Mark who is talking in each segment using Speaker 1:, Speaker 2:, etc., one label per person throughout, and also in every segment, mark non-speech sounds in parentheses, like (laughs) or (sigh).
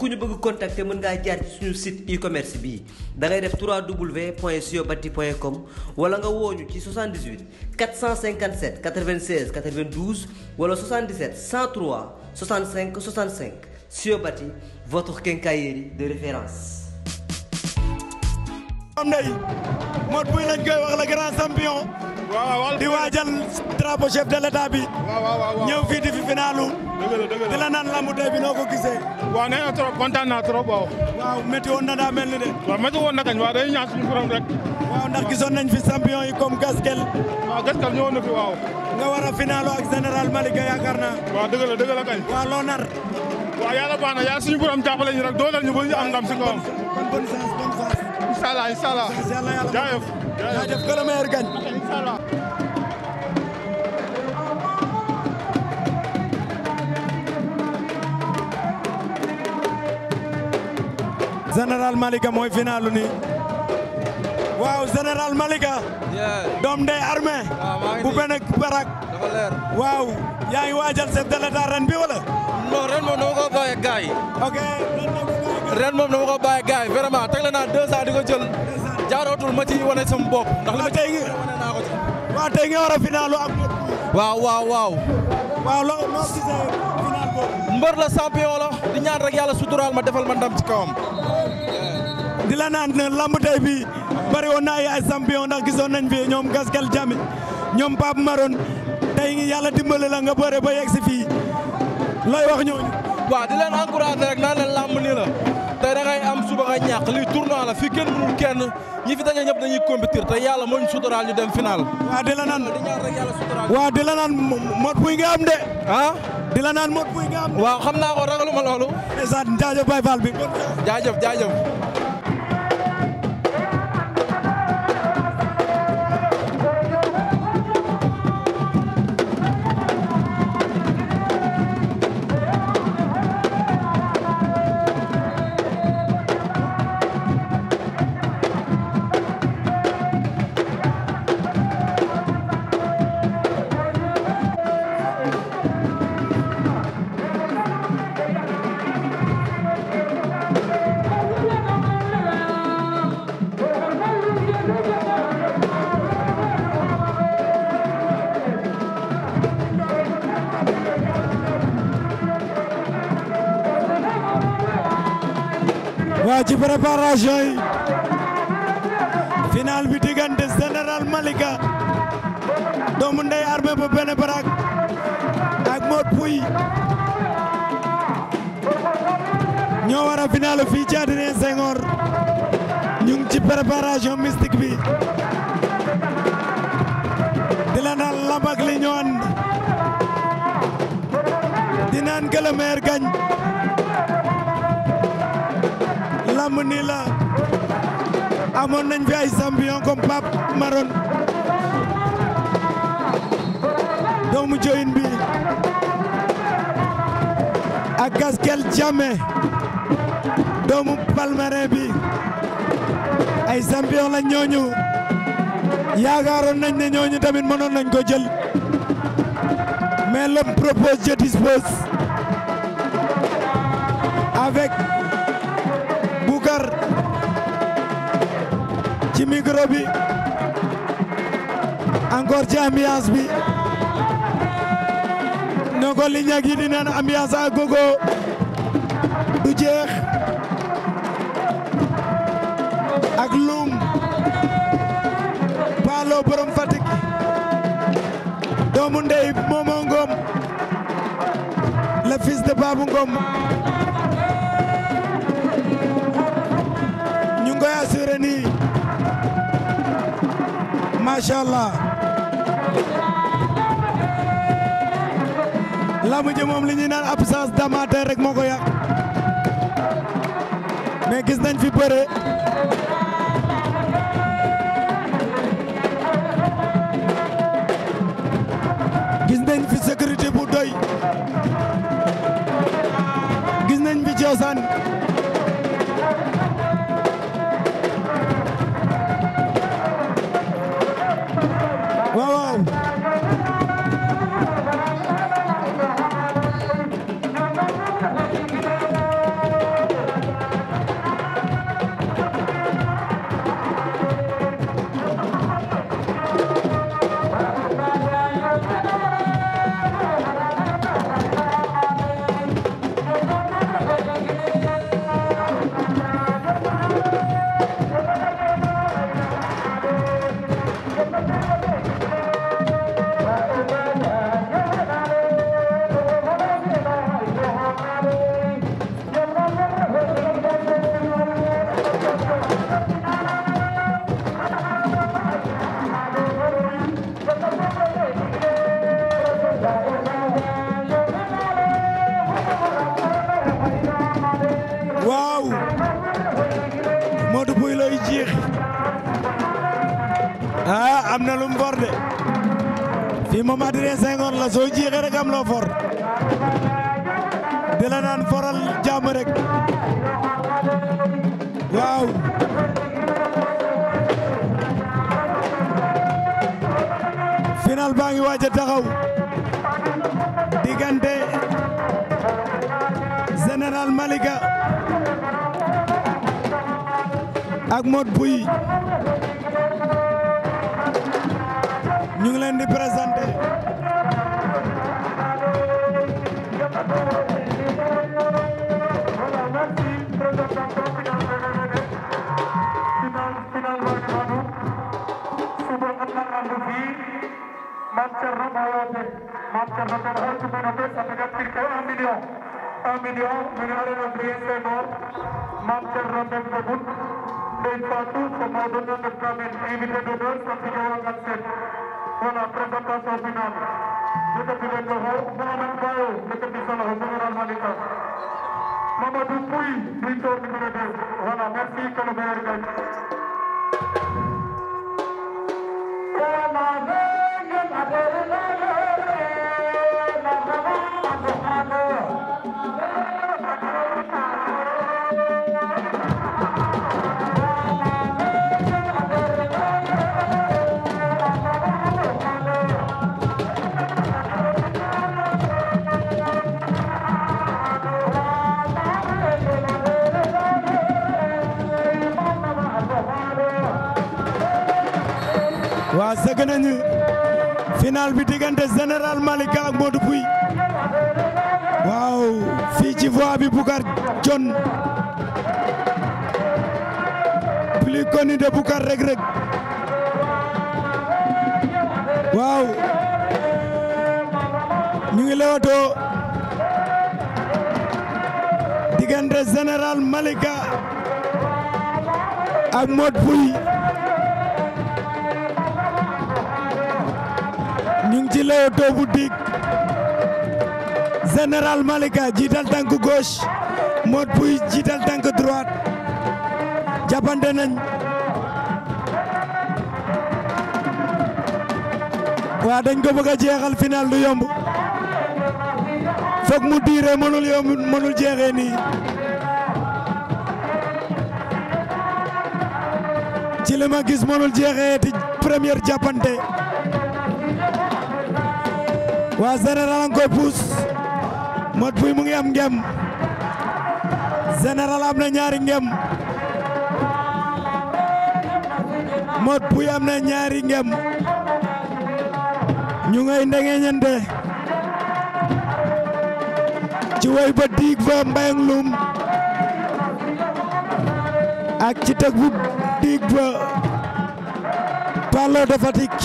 Speaker 1: ku ñu bëgg contacter mën ngaa jaar ci suñu site e-commerce bii da ngay def www.siobati.com wala nga wooñu ci 78 457 96 92 wala 77 103 65 65 Siobati votre quincaillerie de référence.
Speaker 2: am nay Modou Pouye lañ koy wax le grand champion. di waajal drapeau chef de l'état bi. ñëw fii di fi finaalu. di la naan lambu tey bi noo ko gisee. waaw nee na trop kontaan naa trop waaw. waaw métti woon na daa mel ni de. waaw métti woon na kañ waaw day ñaan suñu borom rek. waaw ndax gisoon fi champion yi comme Gaskel. waaw Gaskel ñëwoon na fi waaw. nga war a finalo ak général Malika yaakaar naa. waaw dëgg la dëgg la kañ. waaw loo nar. waaw yàlla baax na yàlla suñu borom jàppale ñu rek dooleel ñu ba ñu am ndam si kawam. kon bonne chance bonne chance. incha allah incha allah. jaajëf jaajëf général Malika mooy finalu ni waaw général Malika. doom ndey armé. bu barak. waaw yaa waajal chef de ren bi wala. non ren moom dama ko bàyyi ak gars ren moom dama ko bàyyi ak gars yi naa deux ans jaarootul ma ci wane sama bopp. ndax li ma tey nga waaw tey a finalu am. waaw waaw waaw. waaw moo gisee. mbër la champion la di ñaan rek yàlla suturaal ma defal ma ndam ci kawam. di la naan lamb tey bi bari woon na ay champion ndax gisoon nañ fi ñoom kel Jami ñoom Pape Maron tey yàlla dimbali la nga bëre ba yegg si fii looy wax ñooñu. waaw di leen encouragé rek naan leen lamb nii la tey da ngay am suba nga ñàkk lii tournoi la fii kenn mënul kenn ñi fi daje ñëpp dañuy compétir te yàlla moo suturaal ñu dem final. waaw di la naan waaw di la di la naan mot buy nga am. waaw xam naa ko ragaluma loolu. ndeysaan jaajëf Baye Fall bi. jaajëf jaajëf. ci préparation yi final bi diggante général Malika doomu ndey armé bu benn barak ak Mod Pouy ñoo war a final fii ci Adrien Senghor ci préparation mystique bi di la naan lamb làmb amoon nañ fi ay champion comme Pape Maron doomu joyin bi ak Gaskel Diamé doomu Palmarin bi ay champion la ñooñu yaakaaroon nañ ne ñooñu tamit mënoon nañ ko jël mais l'homme propose je avec ci micro bi encore ci ambiance bi ne ko li ñag yi di naan ambiance à du jeex ak lum paalo borom Fatick doomu ndey Momo Ngom le fils de Ngom ñu ngi koy assuré macha allah la ji moom li ñuy naan absence d'amateur rek moo ko yàq mais gis nañ fi bëre gis nañ fi sécurité bu doy gis nañ fi am loo for foral jàmm rek waaw final baa ngi waaj taxaw diggante général Malika ak Mod Bouy ñu leen di présenté من أرنا بريسة نور مابتر ربك ببون بين فاتو سمودنا نبقامين إيميتا دونور سفيوة غنسل ولا برزتا سوفينان لتبين له مؤمن بايو لتبين له مؤمن المالكة Mamadou Pouy, Victor Numéro 2. Voilà, merci, Colombo Ergaï. sëgg nañu final bi diggante général Malika ak Modou Pouye waaw fii ci voie bi Boucar Dione plus connu de Boucar Reug Reug waaw ñu ngi lewatoo diggante général Malika ak Modou Pouye ci Leewtoo bu dig général Malika jiital tànk gauche Modou Pouye jiital tànk droite jàppante nañ waa dañ ko bëgg jeexal final du yomb foog mu diire mënul yomb mënul jeexee nii ci li ma gis mënul jeexee ti première jàppante waa général ang koy puus Modou Pouye mu ngi am ngem général am na ñaari ngem Modou Pouye am na ñaari ngem ñu ngay ndegeñante ci woy ba diig ba mbayang lum ak ci teg bu diig ba parlo de Fatick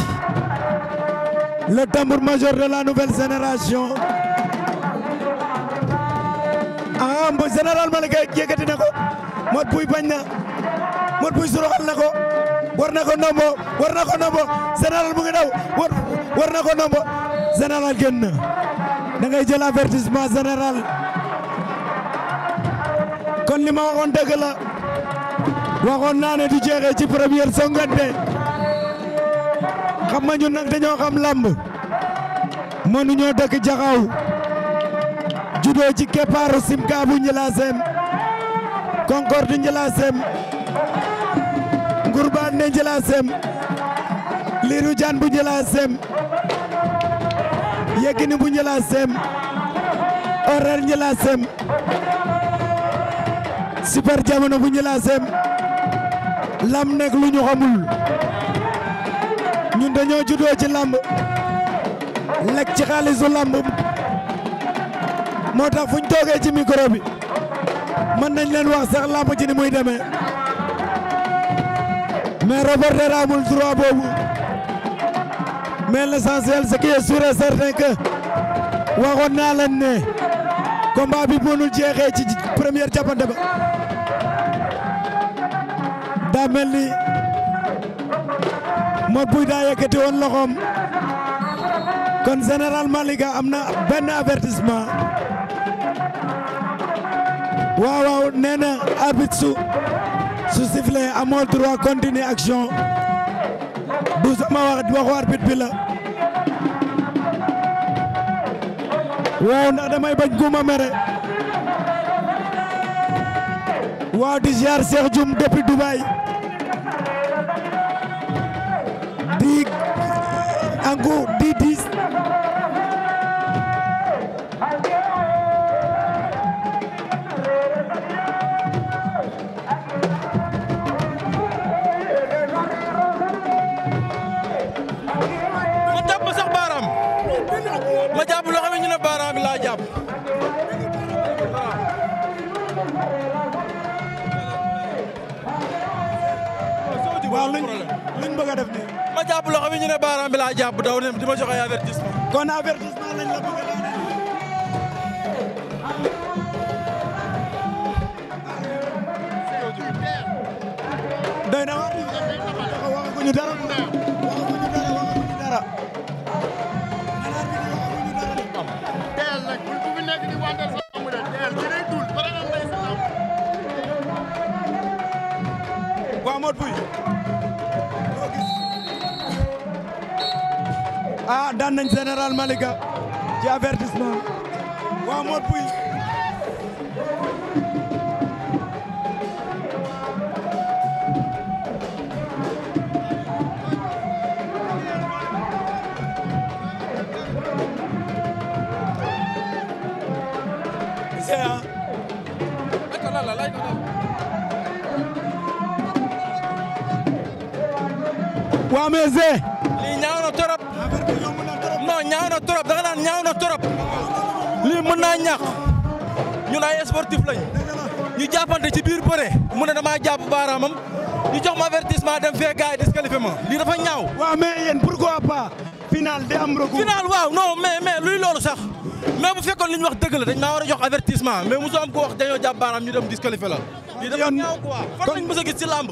Speaker 2: le tambour major de la nouvelle génération ah mbo général Malika yëkkati na ko Modou Pouye bañ na Modou Pouye suruxal na ko war na ko nombo war na ko nombo général war war na ko nombo général génn na da ngay jël avertissement général kon li ma waxoon dëgg la waxoon naa ne du ci première songante xam nga ñun nag dañoo xam làmb mënuñoo dëkk jaxaw judoo ci keppaaru Sicap Ñilassène Concorde Ñilassène Ngourbaan ne Ñilassène Lirou Diane bu Ñilassène Yékini bu Ñilassène Horaire Ñilassène Super Jamono bu Ñilassène lam nekk lu ñu xamul ñun dañoo juddoo ci làmb lekk ci xaalisu làmb moo tax fu ñu ci micro bi mën nañ leen wax sax làmb ci ni muy deme mais reporter amul droit boobu mais l'essentiel c'est que sûr et certain que waxoon naa leen ne combat bi mënul jeexee ci première jàppante ba daa ni Modou Pouye daa yëkkati woon loxoom kon général Malika am na benn avertissement waaw waaw nee na arbitre su su sifflé amoo droit continuer action du sama wax waxu arbitre bi waaw ndax damay bañ kuma mere waaw di ziar Cheikh Dioum depuis Dubaï Nangu di ma jàpp ma sax baaraam ma jàpp loo xam ne ñu ne baaraam laa jàpp a def jàpp loxo bi ñu ne baaraam bi laa jàpp daw ne di ma jox ay avertissement. kon avertissement lañ la bëgg a doy na wax waxaguñu dara waxaguñu dara waxaguñu dara. waaw Modou Pouye. ah daan nañ général Malika ci avertissement waa Mod Puy ah. waa mais ñaaw na trop lii mën naa ñàkk ñun ay sportif lañ ñu jàppante ci biir bëre mu ne damaa jàpp baaraamam ñu jox ma avertissement dem fee gars yi disqualifié ma lii dafa ñaaw. waaw mais yéen pourquoi pas. final day am recours. final waaw non mais mais luy loolu sax mais bu fekkoon li ñu wax dëgg dañ maa war a jox avertissement mais mosoo am ko wax dañoo jàpp baaraam ñu dem disqualifié la. lii dafa ñaaw quoi fan lañ mës a gis ci làmb.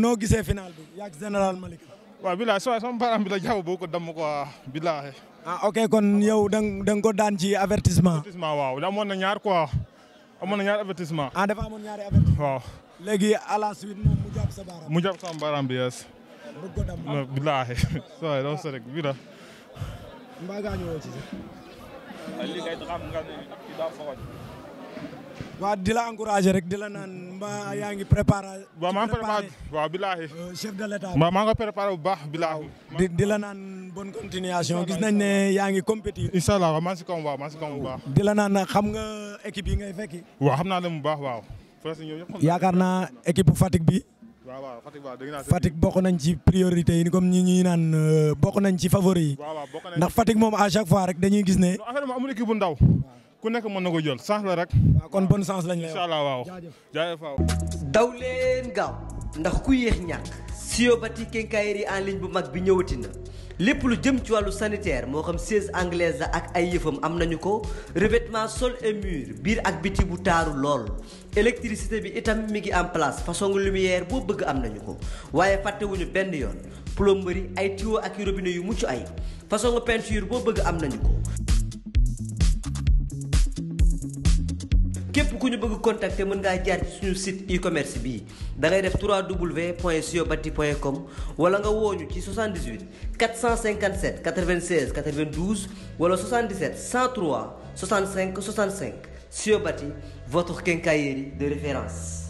Speaker 2: noo gisee final bi yaag général Malick. waaw bilaay soo sama baaraam bi la jàpp boo ko damm quoi ah, bilaay. ah ok kon yow da nga da ko daan ci avertissement. avertissement waaw amoon na ñaar quoi
Speaker 1: amoon na ñaar avertissement. ah dafa amoon ñaari avertissement. waaw léegi à mu jàpp sa baaraam. mu jàpp sama baaraam bi yes. bëgg ko damm (laughs) waaw bilaay soo doo so rek bi la. mbaa ngaa
Speaker 2: ñëwoon waaw di la encouragé rek di la naan mbaa yaa ngi prépara waaw maa ngi préparé waaw bilaahi. Euh, chef de l' état bi maa bu baax bilaahi. di di la naan bonne continuation gis nañ ne yaa ngi compétir. incha allah waaw maa ngi kaw bu baax maa di la naan xam nga équipe yi ngay fekki. waa xam naa le mu baax waaw. yaakaar naa équipe Fatick bi. waaw waaw Fatick waaw dégg naa Fatick bokk nañ ci priorité yi comme ñi ñuy naan euh, bokk nañ ci favori yi. bokk nañ ndax Fatick moom à chaque fois rek dañuy gis ne. affaire bi amul équipe bu ndaw. ku nekk mën na ko jël chance la rek. kon bon
Speaker 1: chance lañ lay wax incha allah waaw jaajëf daw leen gaaw ndax ku yéex ñàkk. siyobati quincaillerie en ligne bu mag bi ñëwati na. lépp lu jëm ci wàllu sanitaire moo xam siège anglaise la ak ay yëfam am nañu ko revêtement sol et biir ak biti bu taaru lool électricité bi itam mi ngi en place façon lumière boo bëgg am nañu ko waaye fàttewuñu benn yoon plomberie ay tuyaux ak robinet yu mucc ay façon peinture boo bëgg am nañu ko képp ku ñu bëgg te mën ngaa jaar ci suñu site e-commerce bii da ngay def www.siobati.com wala nga woo ñu ci 78 457 96 92 wala 77 103 65 65 Siobati votre quincaillerie de référence.